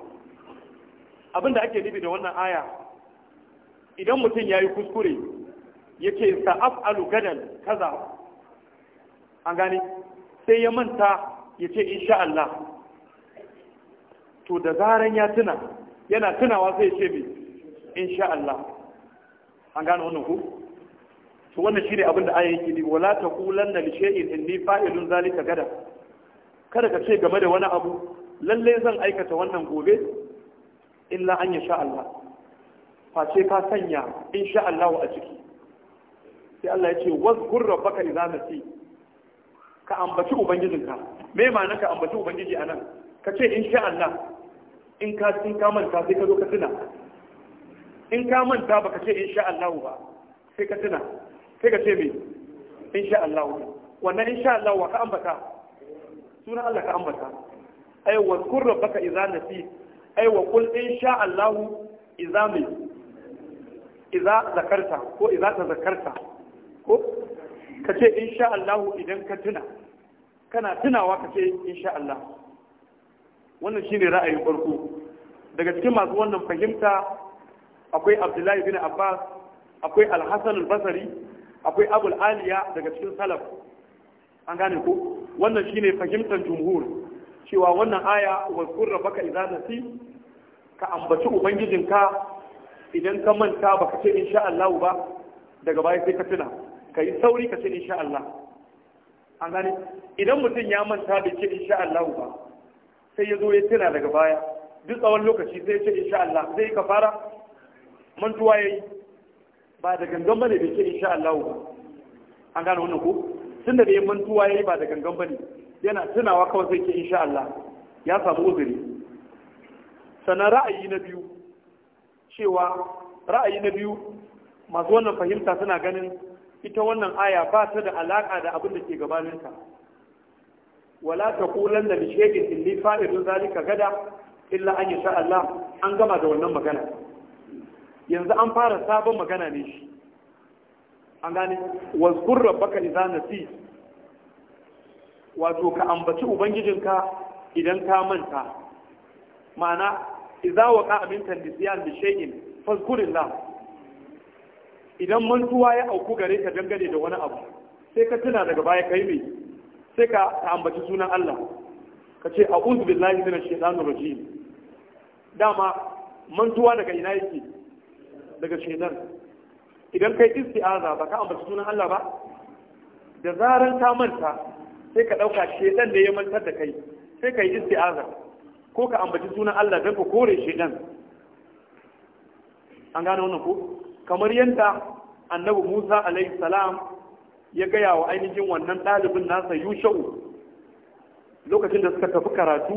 abinda ake nufi da wannan aya idan mutum ya yi kuskure ya yake sa'af'alu ka kaza an gane sai ya manta ya ce insha Allah to da zaren ya tuna yana tunawa sai ya ce "In insha Allah an gane wannan ku to wannan shine abin da aya yake ni wala taqulanna li shay'in inni fa'ilun zalika gada kada ka ce game da wani abu lalle zan aikata wannan gobe illa an yasha Allah face ka sanya insha Allah a ciki sai Allah ya ce wazkur rabbaka idza nasi ka ambaci ubangijinka me ma'ana ka ambaci ubangiji anan ka ce insha Allah in ka tin ka manta sai ka zo ka tuna in ka manta baka ce insha Allah ba sai ka tuna sai ka ce me insha Allah wannan insha Allah wa ka ambata sunan Allah ka ambata ai wa kurra baka idza nasi ai wa qul insha Allah idza mai idza zakarta ko idza zakarta ko ka ce insha Allah idan ka tuna kana tunawa ka ce insha Allah wannan shine ra'ayin farko daga cikin masu wannan fahimta akwai Abdullahi bin Abbas akwai Al-Hasan al-Basri akwai abul aliya daga cikin salaf an gane ko wannan shine fahimtar jumhur cewa wannan aya wa kurra baka idza nasi ka ambaci ubangijinka idan ka manta baka ce insha Allah ba daga baya sai ka tuna kai sauri ka ce insha Allah an gane idan mutum ya manta bai ce insha Allah ba sai ya zo ya tuna daga baya duk tsawon lokaci sai ya ce insha Allah sai ka fara mantuwa yayi ba da gangan bane bai ce insha Allah an gane wannan ko tunda da mantuwa yayi ba da gangan bane yana tunawa kawai sai ke insha Allah ya samu uzuri sannan ra'ayi na biyu cewa ra'ayi na biyu masu wannan fahimta suna ganin ita wannan aya ba ta da alaka da abin da ke gabanin gabaninta wala ta kulan da illi fa'idun zalika gada illa an yasha Allah an gama da wannan magana yanzu an fara sabon magana ne shi an gani wazkur rabbaka idza nasi wato ka ambaci ubangijinka idan ka manta ma'ana idza waqa min tandisiyan bi shay'in fazkurillah idan mantuwa ya auku gare ka dangane da wani abu sai ka tuna daga baya kai mai sai ka ambaci sunan Allah ka ce a'udhu billahi minash shaitanir rajim dama mantuwa daga ina yake daga shedan idan kai isti'aza ba ka ambaci sunan Allah ba da zaran ka manta sai ka dauka shedan da ya mantar da kai sai ka yi isti'aza ko ka ambaci sunan Allah don ka kore shedan an gano wannan ko kamar yadda annabi Musa alaihi salam ya gaya wa ainihin wannan dalibin nasa yushau lokacin da suka tafi karatu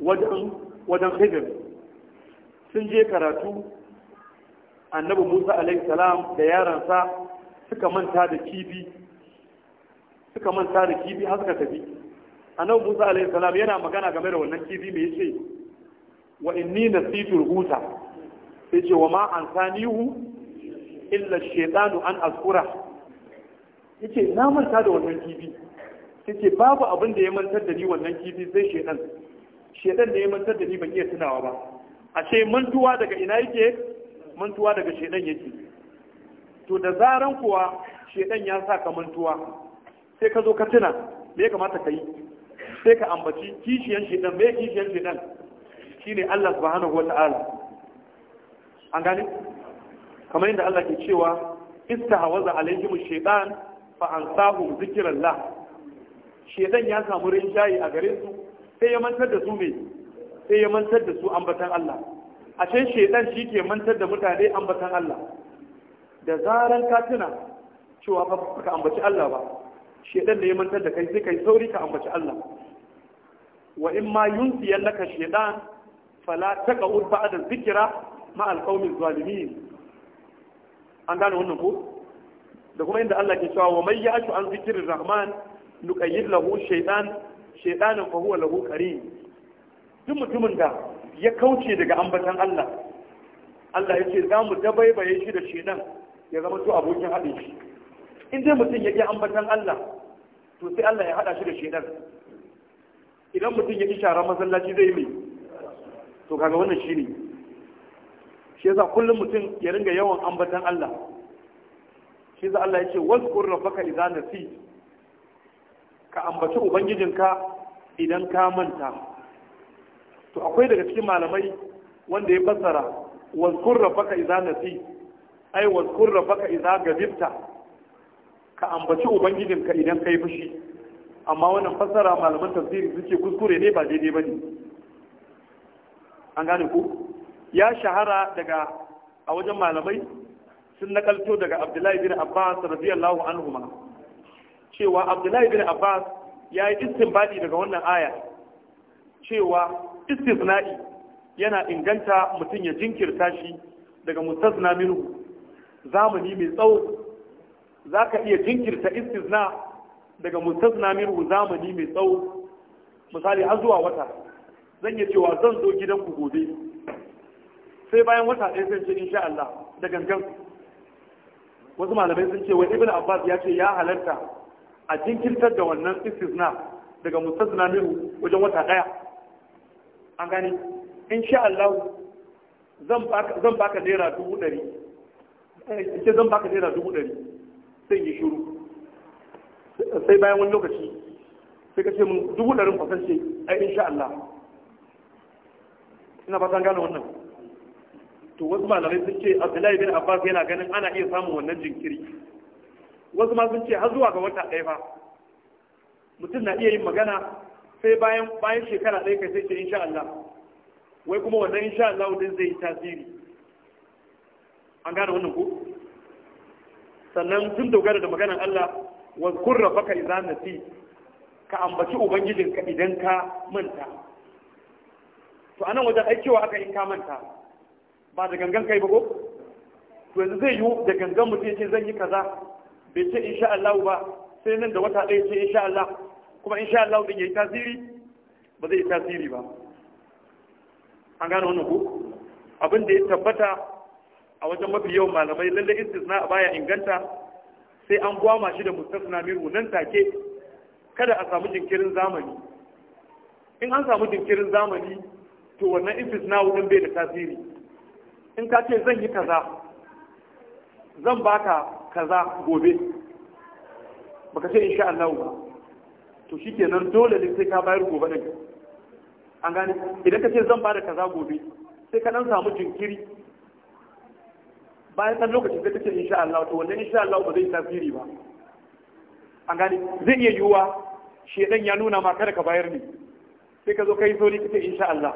wajen wajen Khidr sun je karatu annabi musa alaihi salam da yaransa suka manta da kifi suka manta da kifi har suka tafi annabi musa alaihi salam yana magana game da wannan kifi mai yace wa inni nasitul huta sai ce wa ma ansanihu illa shaytanu an azkura yace na manta da wannan kifi sai ce babu abin da ya mantar da ni wannan kifi sai shaytan shaytan da ya mantar da ni ban iya tunawa ba ashe mantuwa daga ina yake mantuwa daga shedan yake to da zaran kuwa shedan ya sa ka mantuwa sai ka zo ka tuna me ya kamata ka yi sai ka ambaci kishiyan shedan me kishiyan shedan shine Allah subhanahu wata'ala an gane kamar yadda Allah ke cewa istahawaza alaihim shaytan fa ansahu zikrallah shedan ya samu rinjaye a gare su sai ya mantar da su me sai ya mantar da su ambatan Allah a can shaidan shi ke mantar da mutane ambatan Allah da zaren katina cewa ba ka ambaci Allah ba shaidan da ya mantar da kai sai kai sauri ka ambaci Allah wa in ma yunsiyan naka shaidan fala urfa ba'da zikira ma alqawmi zalimi an gane wannan ko da kuma inda Allah ke cewa wa may ya'shu an zikirin rahman nukayin lahu shaidan shaidanin fahuwa lahu kare duk mutumin da ya kauce daga ambatan Allah Allah ya ce za mu dabaibaye shi da shi nan ya zama to abokin haɗe shi in dai mutum ya ƙi ambatan Allah to sai Allah ya haɗa shi da shi nan idan mutum ya ƙi sharar masallaci zai mai to kaga wannan shi ne shi yasa kullum mutum ya ringa yawan ambatan Allah shi yasa Allah ya ce wasu wazkur idan idza nasi ka ambaci ubangijinka idan ka manta to akwai daga cikin malamai wanda ya fassara wazkur rabbaka idza nasi ai wazkur rabbaka idza gadibta ka ambaci ka idan kai fushi amma wannan fassara malaman tafsiri suke kuskure ne ba daidai bane an gane ku ya shahara daga a wajen malamai sun nakalto daga Abdullahi bin Abbas radiyallahu anhuma cewa Abdullahi bin Abbas ya yi istinbadi daga wannan aya cewa istisna'i yana inganta mutum ya jinkirta shi daga mustazna minhu zamani mai tsawo za ka iya jinkirta istisna daga mustazna minhu zamani mai tsawo misali har zuwa wata zan yi cewa zan zo gidanku gobe sai bayan wata ɗaya sai ce insha Allah da gangan wasu malamai sun ce wa ibn abbas ya ce ya halarta a jinkirtar da wannan istisna daga mustazna minhu wajen wata ɗaya an gani sha Allah zan baka naira dubu ɗari eh, ce zan baka naira dubu ɗari sai yi shuru sai bayan wani lokaci sai ka ce mun dubu ɗarin kwasan ce in sha Allah ina fatan gane wannan to wasu malamai sun ce Abdullahi bin Abbas yana ganin ana iya samun wannan jinkiri wasu ma sun ce har zuwa ga wata ɗaya ba mutum na iya yin magana sai bayan bayan shekara ɗaya kai sai ce insha Allah wai kuma wannan insha Allah din zai yi tasiri an gane wannan ko sannan tun dogara da maganar Allah wa kurra baka idza nasi ka ambaci ubangijin ka idan ka manta to anan wajen cewa aka in ka manta ba da gangan kai ba ko to yanzu zai yiwu da gangan mutum ce zan yi kaza bai ce insha Allah ba sai nan da wata ɗaya ce insha Allah kuma insha Allah din yayi tasiri ba zai tasiri ba an gano wannan ku? abin da ya tabbata a wajen mafi yawan malamai lalle istisna baya inganta sai an gwama shi da mustasna minhu nan take kada a samu jinkirin zamani in an samu jinkirin zamani to wannan istisna wurin bai da tasiri in ka ce zan yi kaza zan baka kaza gobe baka ce insha Allah ba to shikenan dole ne sai ka bayar gobe ne an gane idan ka ce zan bada kaza gobe sai ka dan samu jinkiri bayan ɗan lokaci sai kace insha Allah to wannan insha Allah ba zai tasiri ba an gane zai iya yiwuwa shedan ya nuna ma kada ka bayar ne sai ka zo kai zo ne kace insha Allah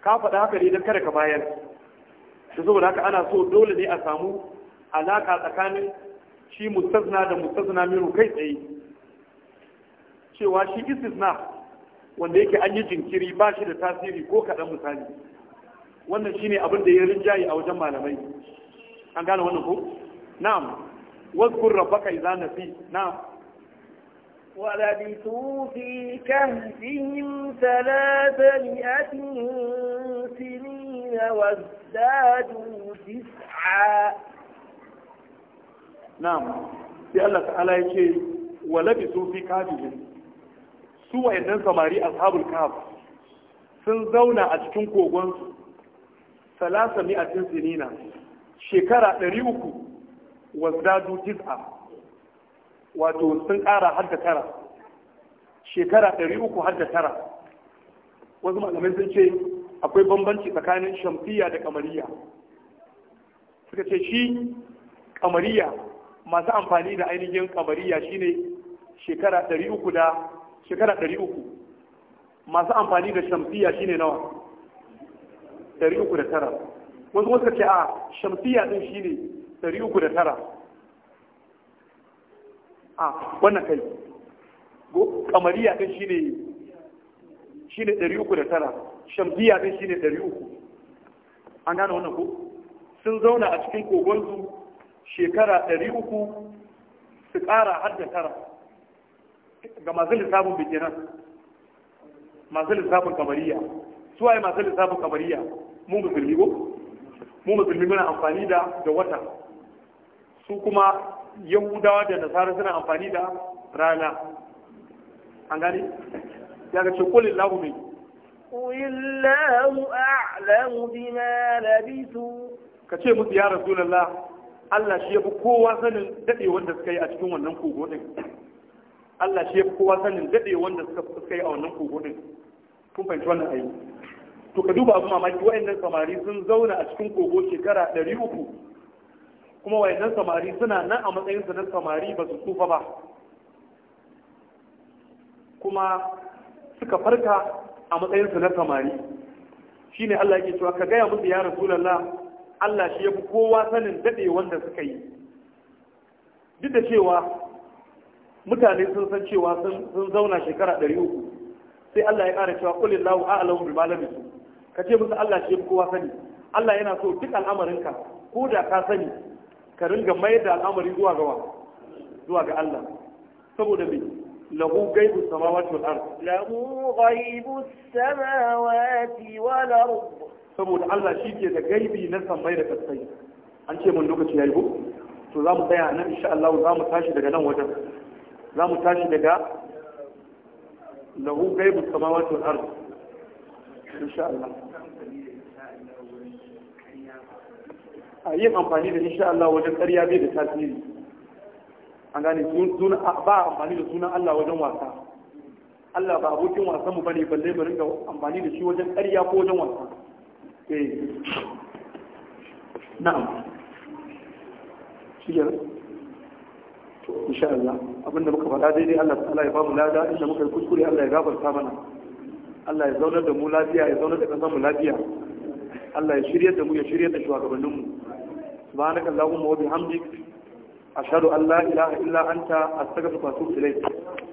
ka faɗa haka ne don kada ka bayar da saboda haka ana so dole ne a samu alaka tsakanin shi mustazna da mustazna miru kai tsaye cewa shi istisna wanda yake an yi jinkiri ba shi da tasiri ko kaɗan misali wannan ne abin da ya rinjaye a wajen malamai an gane wannan ko na'am واذكر ربك إذا نسيت نعم ولبثوا في كهفهم ثلاث مئة سنين وازدادوا تسعا نعم في الله تعالى يقول ولبثوا في كهفهم su wayannan samari ashabul kahf sun zauna a cikin kogon su salasa mi'atin sinina shekara 300 wazdadu jiz'a wato sun ƙara har da tara shekara 300 har da tara wasu malamai sun ce akwai bambanci tsakanin shamfiya da kamariya suka ce shi kamariya masu amfani da ainihin kamariya shine shekara 300 da shekara ɗari uku masu amfani da shamsiya shine nawa ɗari uku da tara wasu wasu ce a shamsiya ɗin shine ɗari uku da tara a wannan kai kamariya ɗin shine shine ɗari uku da tara shamsiya ɗin shine ɗari uku an gane wannan ko sun zauna a cikin kogonsu shekara ɗari uku su ƙara har da tara ga masu lissafin bikinan masu lissafin kamariya su waye masu lissafin kamariya mu musulmi ko mu musulmi muna amfani da da wata su kuma yahudawa da nasara suna amfani da rana an gani ya ga ce kulin lahu a kulin lahu a'lamu bima labisu ka ce musu ya rasulullah Allah shi ya fi kowa sanin daɗe wanda suka yi a cikin wannan kogo ɗin Allah shi ya fi kowa sanin dade wanda suka suka yi a wannan kogo din kun fahimci wannan ayi to ka duba abu mamaki wayannan samari sun zauna a cikin kogo shekara ɗari uku kuma wayannan samari suna nan a matsayin su na samari ba su tsufa ba kuma suka farka a matsayin su na samari shine Allah yake cewa ka gaya musu ya rasulullah Allah shi ya fi kowa sanin dade wanda suka yi duk da cewa mutane sun san cewa sun zauna shekara ɗari uku sai Allah ya ƙara cewa kulin a a'lamu bi malamin su ka ce musu Allah shi kowa sani Allah yana so duk al'amarinka ko da ka sani ka ringa mayar da al'amari zuwa ga zuwa ga Allah saboda me lahu gaibu samawati wal ard lahu ghaibu samawati wal ard saboda Allah shi ke da gaibi na samai da kasai an ce mun lokaci yayi ko to za mu tsaya nan insha Allah za mu tashi daga nan wajen za mu tashi daga lahu gai musamman wato ardh insha Allah a yin amfani da insha Allah wajen ƙarya bai da tasiri an gane ba amfani da sunan Allah wajen wasa Allah ba abokin wasan mu bane balle mu ringa amfani da shi wajen ƙarya ko wajen wasa eh na'am shi insha Allah abinda muka faɗa daidai Allah ta'ala ya bamu lada inda muka yi kuskure Allah ya gafarta mana Allah ya zaunar da mu lafiya ya zaunar da ƙasar mu lafiya Allah ya shirya da mu ya shirya da shugabannin mu subhanaka allahumma wa bihamdik ashhadu an la ilaha illa anta astaghfiruka wa atubu ilayk